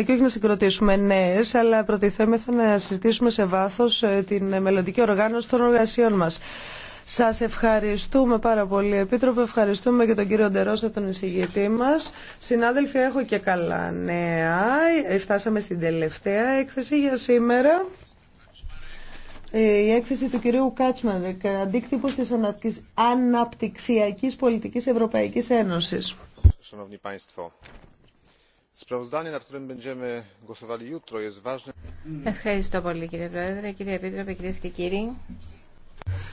και όχι να συγκροτήσουμε νέε, αλλά προτιθέμεθα να συζητήσουμε σε βάθο ε, την μελλοντική οργάνωση των εργασιών μα. Σα ευχαριστούμε πάρα πολύ, Επίτροπε. Ευχαριστούμε και τον κύριο Ντερόσα, τον εισηγητή μα. Συνάδελφοι, έχω και καλά νέα. Ε, φτάσαμε στην τελευταία έκθεση για σήμερα. Ε, η έκθεση του κυρίου Κάτσμαντρικ, αντίκτυπο τη αναπτυξιακή πολιτική Ευρωπαϊκή Ένωση. Ευχαριστώ πολύ κύριε Πρόεδρε, κύριε Επίτροπε, κυρίες και κύριοι.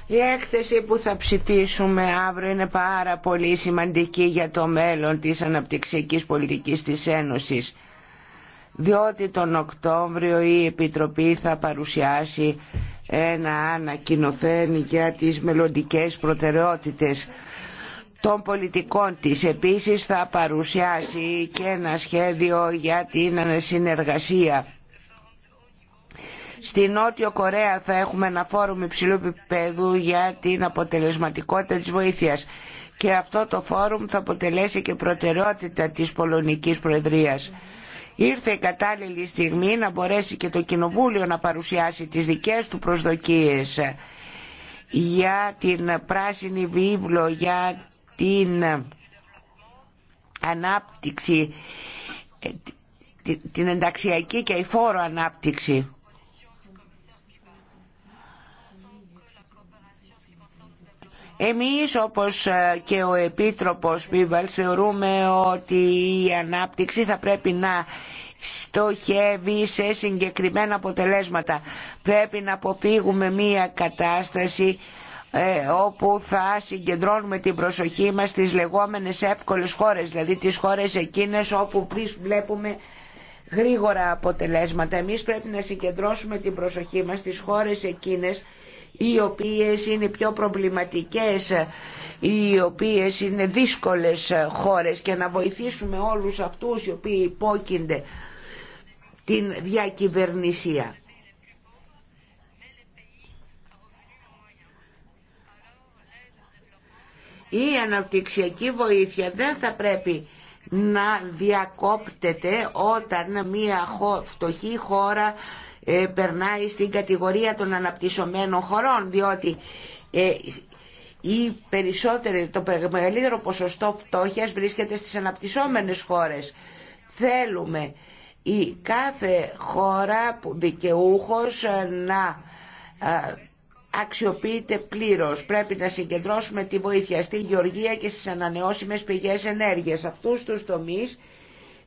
Η έκθεση που θα ψηφίσουμε αύριο είναι πάρα πολύ σημαντική για το μέλλον της αναπτυξιακής πολιτικής της Ένωσης διότι τον Οκτώβριο η Επιτροπή θα παρουσιάσει ένα ανακοινοθέν για τις μελλοντικές προτεραιότητες των πολιτικών της. Επίσης θα παρουσιάσει και ένα σχέδιο για την συνεργασία. Στη Νότιο Κορέα θα έχουμε ένα φόρουμ υψηλού επίπεδου για την αποτελεσματικότητα της βοήθειας και αυτό το φόρουμ θα αποτελέσει και προτεραιότητα της Πολωνικής Προεδρίας. Ήρθε η κατάλληλη στιγμή να μπορέσει και το Κοινοβούλιο να παρουσιάσει τις δικές του προσδοκίες για την πράσινη βίβλο, την ανάπτυξη, την ενταξιακή και η φόρο ανάπτυξη. Εμείς όπως και ο Επίτροπος Πίβαλ θεωρούμε ότι η ανάπτυξη θα πρέπει να στοχεύει σε συγκεκριμένα αποτελέσματα. Πρέπει να αποφύγουμε μία κατάσταση ε, όπου θα συγκεντρώνουμε την προσοχή μας στις λεγόμενες εύκολες χώρες, δηλαδή τις χώρες εκείνες όπου πριν βλέπουμε γρήγορα αποτελέσματα. Εμείς πρέπει να συγκεντρώσουμε την προσοχή μας στις χώρες εκείνες οι οποίες είναι πιο προβληματικές, οι οποίες είναι δύσκολες χώρες και να βοηθήσουμε όλους αυτούς οι οποίοι υπόκεινται την διακυβερνησία. η αναπτυξιακή βοήθεια δεν θα πρέπει να διακόπτεται όταν μια φτωχή χώρα ε, περνάει στην κατηγορία των αναπτυσσομένων χωρών διότι ε, η περισσότερη, το μεγαλύτερο ποσοστό φτώχειας βρίσκεται στις αναπτυσσόμενες χώρες. Θέλουμε η κάθε χώρα που δικαιούχος να αξιοποιείται πλήρως. Πρέπει να συγκεντρώσουμε τη βοήθεια στη γεωργία και στις ανανεώσιμες πηγές ενέργειας. Αυτούς τους τομείς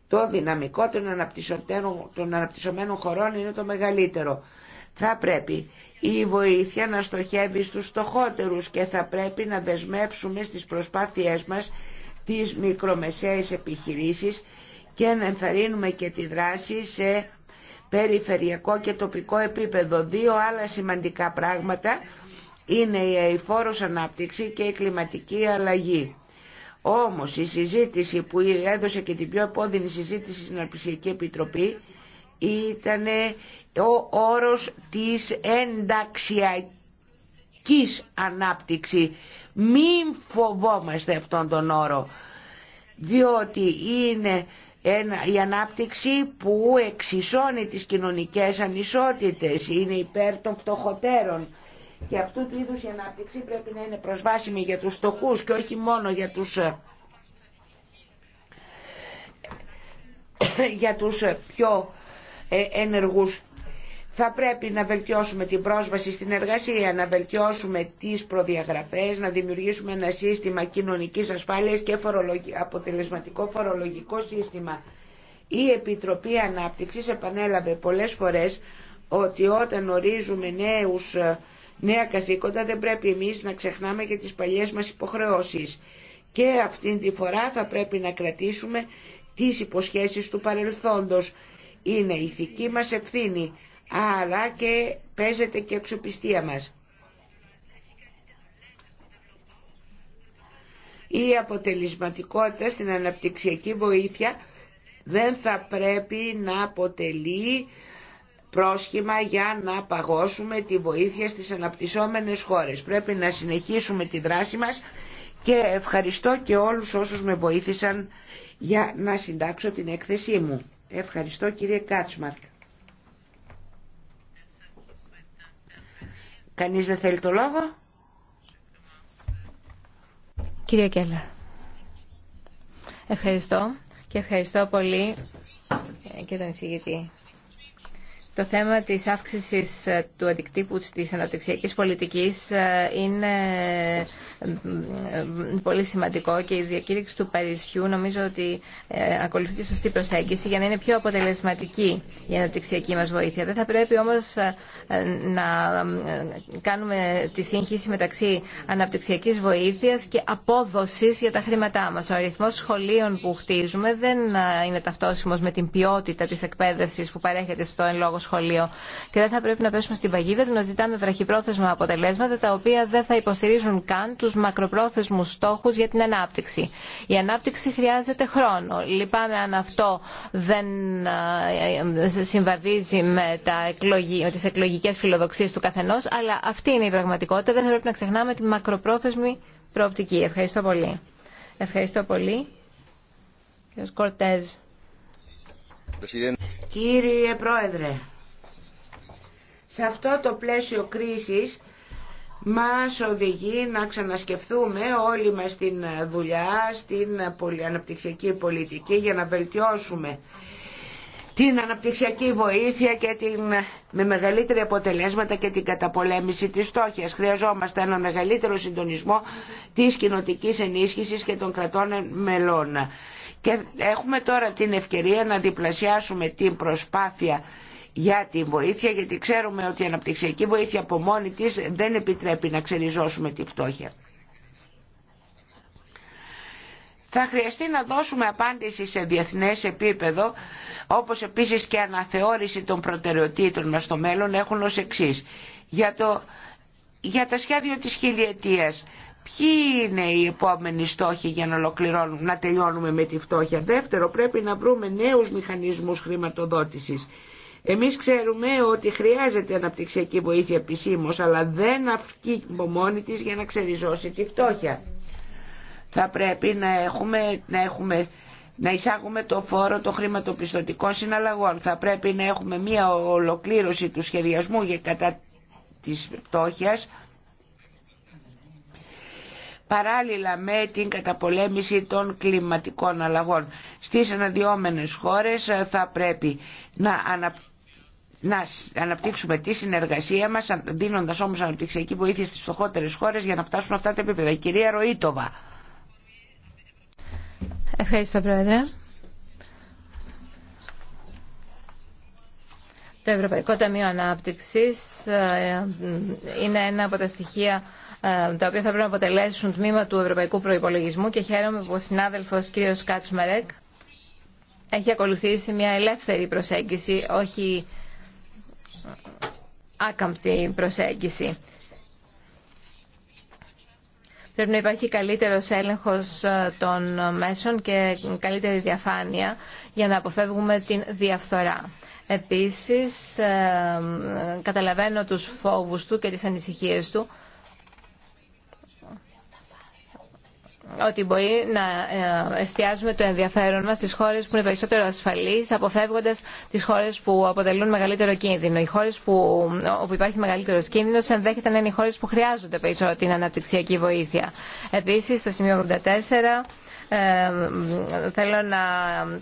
το δυναμικό των αναπτυσσομένων χωρών είναι το μεγαλύτερο. Θα πρέπει η βοήθεια να στοχεύει στους στοχότερους και θα πρέπει να δεσμεύσουμε στις προσπάθειές μας τις μικρομεσαίες επιχειρήσεις και να ενθαρρύνουμε και τη δράση σε περιφερειακό και τοπικό επίπεδο. Δύο άλλα σημαντικά πράγματα είναι η αηφόρος ανάπτυξη και η κλιματική αλλαγή. Όμως η συζήτηση που έδωσε και την πιο επόδυνη συζήτηση στην Αρπησιακή Επιτροπή ήταν ο όρος της ενταξιακής ανάπτυξη. Μην φοβόμαστε αυτόν τον όρο, διότι είναι η ανάπτυξη που εξισώνει τις κοινωνικές ανισότητες, είναι υπέρ των φτωχοτέρων. Και αυτού του είδους η ανάπτυξη πρέπει να είναι προσβάσιμη για τους φτωχούς και όχι μόνο για τους, ε, για τους ε, πιο ε, ενεργούς θα πρέπει να βελτιώσουμε την πρόσβαση στην εργασία, να βελτιώσουμε τις προδιαγραφές, να δημιουργήσουμε ένα σύστημα κοινωνικής ασφάλειας και αποτελεσματικό φορολογικό σύστημα. Η Επιτροπή Ανάπτυξης επανέλαβε πολλές φορές ότι όταν ορίζουμε νέους, νέα καθήκοντα δεν πρέπει εμείς να ξεχνάμε και τις παλιές μας υποχρεώσεις. Και αυτή τη φορά θα πρέπει να κρατήσουμε τις υποσχέσεις του παρελθόντος. Είναι ηθική μας ευθύνη αλλά και παίζεται και η μας. Η αποτελεσματικότητα στην αναπτυξιακή βοήθεια δεν θα πρέπει να αποτελεί πρόσχημα για να παγώσουμε τη βοήθεια στις αναπτυσσόμενες χώρες. Πρέπει να συνεχίσουμε τη δράση μας και ευχαριστώ και όλους όσους με βοήθησαν για να συντάξω την έκθεσή μου. Ευχαριστώ κύριε Κάτσμαρκ. Κανείς δεν θέλει το λόγο. Κυρία Κέλλερ. Ευχαριστώ και ευχαριστώ πολύ ε, και τον εισηγητή. Το θέμα της αύξησης ε, του αντικτύπου της αναπτυξιακής πολιτικής ε, είναι ε, πολύ σημαντικό και η διακήρυξη του Παρισιού νομίζω ότι ακολουθεί τη σωστή προσέγγιση για να είναι πιο αποτελεσματική η αναπτυξιακή μας βοήθεια. Δεν θα πρέπει όμως να κάνουμε τη σύγχυση μεταξύ αναπτυξιακής βοήθειας και απόδοσης για τα χρήματά μας. Ο αριθμός σχολείων που χτίζουμε δεν είναι ταυτόσιμος με την ποιότητα της εκπαίδευσης που παρέχεται στο εν λόγω σχολείο. Και δεν θα πρέπει να πέσουμε στην παγίδα του να ζητάμε βραχυπρόθεσμα αποτελέσματα τα οποία δεν θα υποστηρίζουν καν του μακροπρόθεσμου στόχου για την ανάπτυξη. Η ανάπτυξη χρειάζεται χρόνο. Λυπάμαι αν αυτό δεν ε, συμβαδίζει με, τα με τις εκλογικές φιλοδοξίες του καθενός, αλλά αυτή είναι η πραγματικότητα. Δεν θα πρέπει να ξεχνάμε τη μακροπρόθεσμη προοπτική. Ευχαριστώ πολύ. Ευχαριστώ πολύ. Κύριε Πρόεδρε, σε αυτό το πλαίσιο κρίσης μας οδηγεί να ξανασκεφτούμε όλοι μας την δουλειά, στην αναπτυξιακή πολιτική για να βελτιώσουμε την αναπτυξιακή βοήθεια και την, με μεγαλύτερη αποτελέσματα και την καταπολέμηση της στόχιας. Χρειαζόμαστε ένα μεγαλύτερο συντονισμό της κοινοτική ενίσχυσης και των κρατών μελών. Και έχουμε τώρα την ευκαιρία να διπλασιάσουμε την προσπάθεια για τη βοήθεια γιατί ξέρουμε ότι η αναπτυξιακή βοήθεια από μόνη της δεν επιτρέπει να ξεριζώσουμε τη φτώχεια. Θα χρειαστεί να δώσουμε απάντηση σε διεθνές επίπεδο, όπως επίσης και αναθεώρηση των προτεραιοτήτων μας στο μέλλον έχουν ως εξή. Για, για τα σχέδια της χιλιετίας, ποιοι είναι οι επόμενοι στόχοι για να, να τελειώνουμε με τη φτώχεια. Δεύτερο, πρέπει να βρούμε νέους μηχανισμούς χρηματοδότησης. Εμείς ξέρουμε ότι χρειάζεται αναπτυξιακή βοήθεια επισήμω, αλλά δεν αυκεί μόνη της για να ξεριζώσει τη φτώχεια. Θα πρέπει να έχουμε, να έχουμε να εισάγουμε το φόρο των χρηματοπιστωτικών συναλλαγών. Θα πρέπει να έχουμε μία ολοκλήρωση του σχεδιασμού για κατά της φτώχειας παράλληλα με την καταπολέμηση των κλιματικών αλλαγών. Στις αναδυόμενες χώρες θα πρέπει να αναπτύξουμε να αναπτύξουμε τη συνεργασία μας δίνοντας όμως αναπτυξιακή βοήθεια στις φτωχότερες χώρες για να φτάσουν αυτά τα επίπεδα. Η κυρία Ροήτοβα. Ευχαριστώ Πρόεδρε. Το Ευρωπαϊκό Ταμείο Ανάπτυξης ε, είναι ένα από τα στοιχεία ε, τα οποία θα πρέπει να αποτελέσουν τμήμα του Ευρωπαϊκού Προϋπολογισμού και χαίρομαι που ο συνάδελφος κ. Κάτσμαρεκ έχει ακολουθήσει μια ελεύθερη προσέγγιση, όχι άκαμπτη προσέγγιση. Πρέπει να υπάρχει καλύτερος έλεγχος ε, των μέσων και καλύτερη διαφάνεια για να αποφεύγουμε την διαφθορά. Επίσης, ε, ε, καταλαβαίνω τους φόβους του και τις ανησυχίες του ότι μπορεί να ε, εστιάζουμε το ενδιαφέρον μας στις χώρες που είναι περισσότερο ασφαλείς, αποφεύγοντας τις χώρες που αποτελούν μεγαλύτερο κίνδυνο. Οι χώρες που, όπου υπάρχει μεγαλύτερος κίνδυνος ενδέχεται να είναι οι χώρες που χρειάζονται περισσότερο την αναπτυξιακή βοήθεια. Επίσης, στο σημείο 84, θέλω να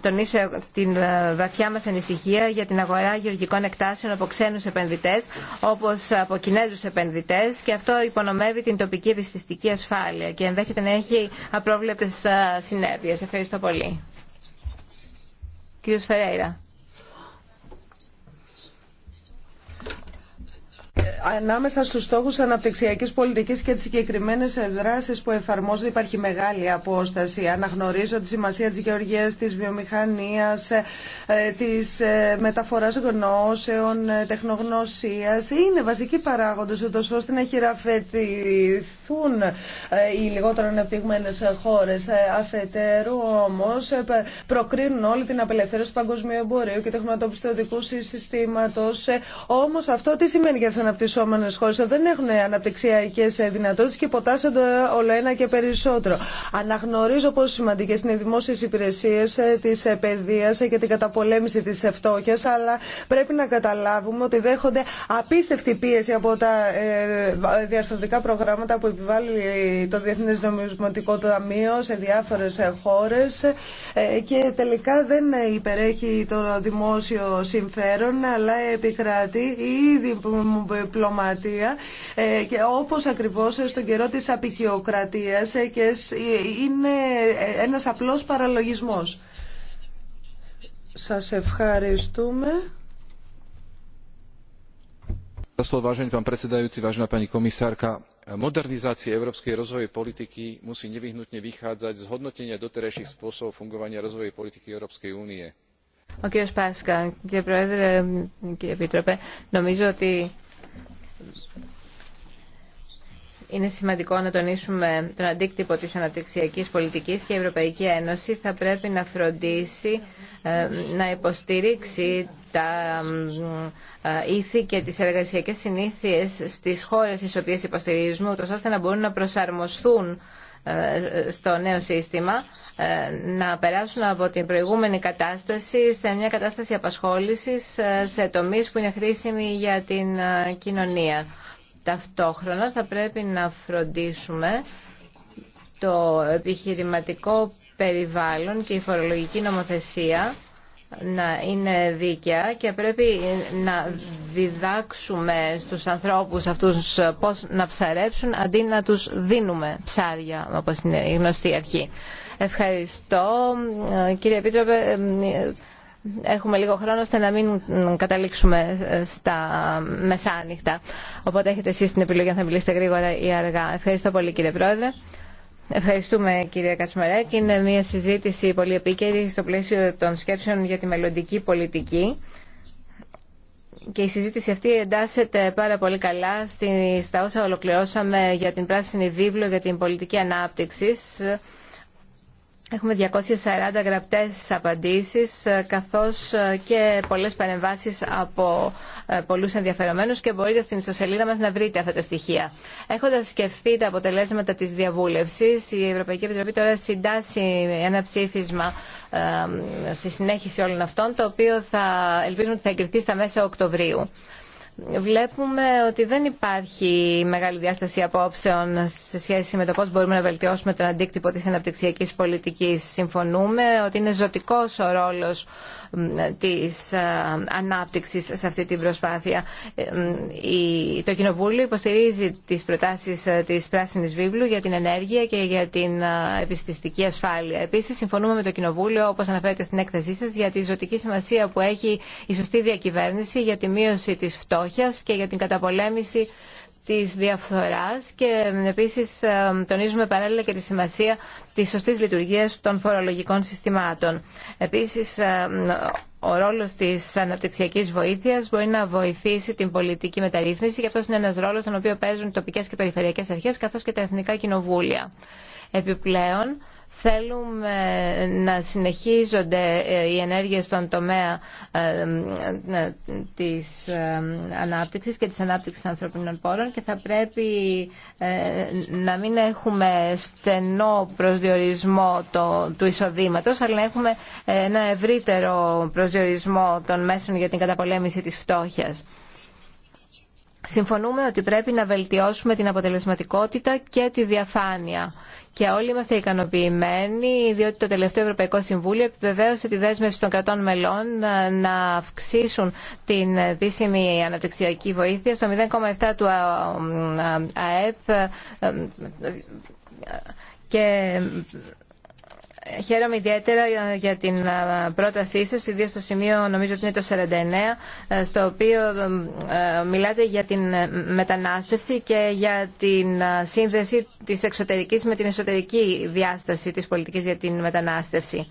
τονίσω την ε, βαθιά μας ανησυχία για την αγορά γεωργικών εκτάσεων από ξένους επενδυτές, όπως από Κινέζους επενδυτές και αυτό υπονομεύει την τοπική επιστηστική ασφάλεια και ενδέχεται να έχει απρόβλεπτες ε, συνέπειες. Ευχαριστώ πολύ. Κύριος Φερέιρα. ανάμεσα στους στόχους αναπτυξιακής πολιτικής και τις συγκεκριμένες δράσεις που εφαρμόζονται υπάρχει μεγάλη απόσταση. Αναγνωρίζω τη σημασία της γεωργίας, της βιομηχανίας, ε, της ε, μεταφοράς γνώσεων, ε, τεχνογνωσίας. Είναι βασική παράγοντες ούτως ώστε να χειραφετηθούν οι λιγότερο αναπτυγμένες χώρες. Αφετέρου όμως προκρίνουν όλη την απελευθέρωση του παγκοσμίου εμπορίου και τεχνοτοπιστωτικού συστήματος. Όμως αυτό τι σημαίνει για τις χώρε δεν έχουν αναπτυξιακέ δυνατότητε και υποτάσσονται όλο ένα και περισσότερο. Αναγνωρίζω πόσο σημαντικέ είναι οι δημόσιε υπηρεσίε ε, τη παιδεία ε, και την καταπολέμηση τη φτώχεια, αλλά πρέπει να καταλάβουμε ότι δέχονται απίστευτη πίεση από τα ε, διαρθρωτικά προγράμματα που επιβάλλει το Διεθνές Νομισματικό Ταμείο σε διάφορε χώρε και τελικά δεν υπερέχει το δημόσιο συμφέρον, αλλά επικρατεί ήδη διπλωματία και όπως ακριβώς στον καιρό της απεικιοκρατίας και είναι ένας απλός παραλογισμός. Σας ευχαριστούμε. Vážený pán predsedajúci, vážená pani komisárka, modernizácia európskej rozvojovej politiky musí nevyhnutne vychádzať z hodnotenia doterajších spôsobov fungovania rozvojovej politiky Európskej únie. Ο κύριος Πάσκα, κύριε Πρόεδρε, κύριε είναι σημαντικό να τονίσουμε τον αντίκτυπο της αναπτυξιακής πολιτικής και η Ευρωπαϊκή Ένωση θα πρέπει να φροντίσει ε, να υποστηρίξει τα ε, ήθη και τις εργασιακές συνήθειες στις χώρες τις οποίες υποστηρίζουμε, ώστε να μπορούν να προσαρμοστούν ε, στο νέο σύστημα ε, να περάσουν από την προηγούμενη κατάσταση σε μια κατάσταση απασχόλησης ε, σε τομείς που είναι χρήσιμοι για την κοινωνία. Ταυτόχρονα θα πρέπει να φροντίσουμε το επιχειρηματικό περιβάλλον και η φορολογική νομοθεσία να είναι δίκαια και πρέπει να διδάξουμε στους ανθρώπους αυτούς πώς να ψαρέψουν αντί να τους δίνουμε ψάρια όπως είναι η γνωστή αρχή. Ευχαριστώ. Κύριε Επίτροπε, έχουμε λίγο χρόνο ώστε να μην καταλήξουμε στα μεσάνυχτα. Οπότε έχετε εσείς την επιλογή αν θα μιλήσετε γρήγορα ή αργά. Ευχαριστώ πολύ κύριε Πρόεδρε. Ευχαριστούμε κυρία Κατσμαράκη. Είναι μια συζήτηση πολύ επίκαιρη στο πλαίσιο των σκέψεων για τη μελλοντική πολιτική και η συζήτηση αυτή εντάσσεται πάρα πολύ καλά στα όσα ολοκληρώσαμε για την Πράσινη Βίβλο για την πολιτική ανάπτυξη Έχουμε 240 γραπτές απαντήσεις ε, καθώς ε, και πολλές παρεμβάσεις από ε, πολλούς ενδιαφερομένους και μπορείτε στην ιστοσελίδα μας να βρείτε αυτά τα στοιχεία. Έχοντας σκεφτεί τα αποτελέσματα της διαβούλευσης, η Ευρωπαϊκή Επιτροπή τώρα συντάσσει ένα ψήφισμα στη συνέχιση όλων αυτών, το οποίο θα ελπίζουμε ότι θα εγκριθεί στα μέσα Οκτωβρίου βλέπουμε ότι δεν υπάρχει μεγάλη διάσταση απόψεων σε σχέση με το πώς μπορούμε να βελτιώσουμε τον αντίκτυπο της αναπτυξιακής πολιτικής. Συμφωνούμε ότι είναι ζωτικός ο ρόλος της ανάπτυξης σε αυτή την προσπάθεια. Ε, το Κοινοβούλιο υποστηρίζει τις προτάσεις ε, της Πράσινης Βίβλου για την ενέργεια και για την επιστηστική ασφάλεια. Επίσης, συμφωνούμε με το Κοινοβούλιο, όπως αναφέρεται στην έκθεσή σας, για τη ζωτική σημασία που έχει η σωστή διακυβέρνηση για τη μείωση της φτώχειας και για την καταπολέμηση της διαφθοράς και επίσης ε, τονίζουμε παράλληλα και τη σημασία της σωστής λειτουργίας των φορολογικών συστημάτων. Επίσης, ε, ο ρόλος της αναπτυξιακής βοήθειας μπορεί να βοηθήσει την πολιτική μεταρρύθμιση και αυτός είναι ένας ρόλος τον οποίο παίζουν τοπικές και περιφερειακές αρχές καθώς και τα εθνικά κοινοβούλια. Επιπλέον, Θέλουμε να συνεχίζονται ε, οι ενέργειες στον τομέα ε, ε, της ανάπτυξης και της ανάπτυξης ανθρωπινών πόρων και θα πρέπει να μην έχουμε στενό προσδιορισμό του εισοδήματος, αλλά να έχουμε ένα ευρύτερο προσδιορισμό των μέσων για την καταπολέμηση της φτώχειας. Συμφωνούμε ότι πρέπει να βελτιώσουμε την αποτελεσματικότητα και τη διαφάνεια και όλοι είμαστε ικανοποιημένοι διότι το τελευταίο Ευρωπαϊκό Συμβούλιο επιβεβαίωσε τη δέσμευση των κρατών μελών να αυξήσουν την επίσημη αναπτυξιακή βοήθεια στο 0,7 του ΑΕΠ και Χαίρομαι ιδιαίτερα για την πρότασή σας, ιδίω στο σημείο, νομίζω ότι είναι το 49, ε, στο οποίο ε, μιλάτε για την ε, μετανάστευση και για την σύνδεση της εξωτερικής με την εσωτερική διάσταση της πολιτικής για την μετανάστευση.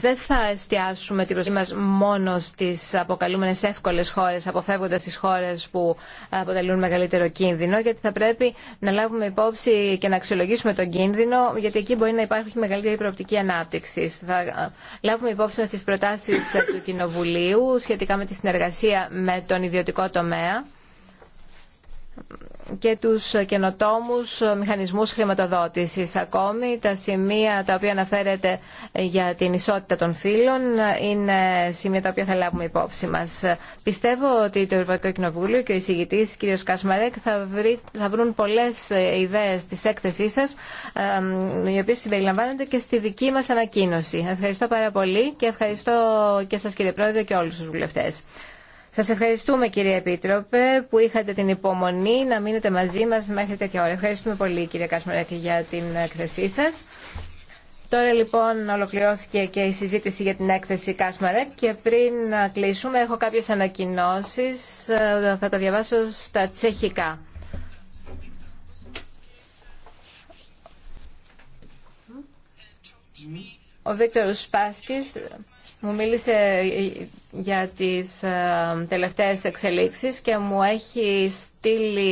δεν θα εστιάσουμε την προσοχή μας μόνο στις αποκαλούμενες εύκολες χώρες, αποφεύγοντας τις χώρες που αποτελούν μεγαλύτερο κίνδυνο, γιατί θα πρέπει να λάβουμε υπόψη και να αξιολογήσουμε τον κίνδυνο, γιατί εκεί μπορεί να υπάρχει μεγαλύτερη προοπτική ανάπτυξη. Θα λάβουμε υπόψη μα τις προτάσεις του Κοινοβουλίου σχετικά με τη συνεργασία με τον ιδιωτικό τομέα και τους καινοτόμους μηχανισμούς χρηματοδότησης. Ακόμη τα σημεία τα οποία αναφέρεται για την ισότητα των φύλων είναι σημεία τα οποία θα λάβουμε υπόψη μας. Πιστεύω ότι το Ευρωπαϊκό Κοινοβούλιο και ο εισηγητής κ. Κασμαρέκ θα, θα βρουν πολλές ε, ιδέες της έκθεσής σας οι οποίες συμπεριλαμβάνονται και στη δική μας ανακοίνωση. Ευχαριστώ πάρα πολύ και ευχαριστώ και σας κύριε Πρόεδρε και όλους τους βουλευτές. Σας ευχαριστούμε κύριε Επίτροπε που είχατε την υπομονή να μείνετε μαζί μας μέχρι τέτοια ώρα. Ευχαριστούμε πολύ κύριε Κάσμαρεκ, για την έκθεσή σας. Τώρα λοιπόν ολοκληρώθηκε και η συζήτηση για την έκθεση Κάσμαρεκ και πριν κλείσουμε έχω κάποιες ανακοινώσεις, θα τα διαβάσω στα τσεχικά. Ο Βίκτορ Σπάσκης μου μίλησε για τις ε, τελευταίες εξελίξεις και μου έχει στείλει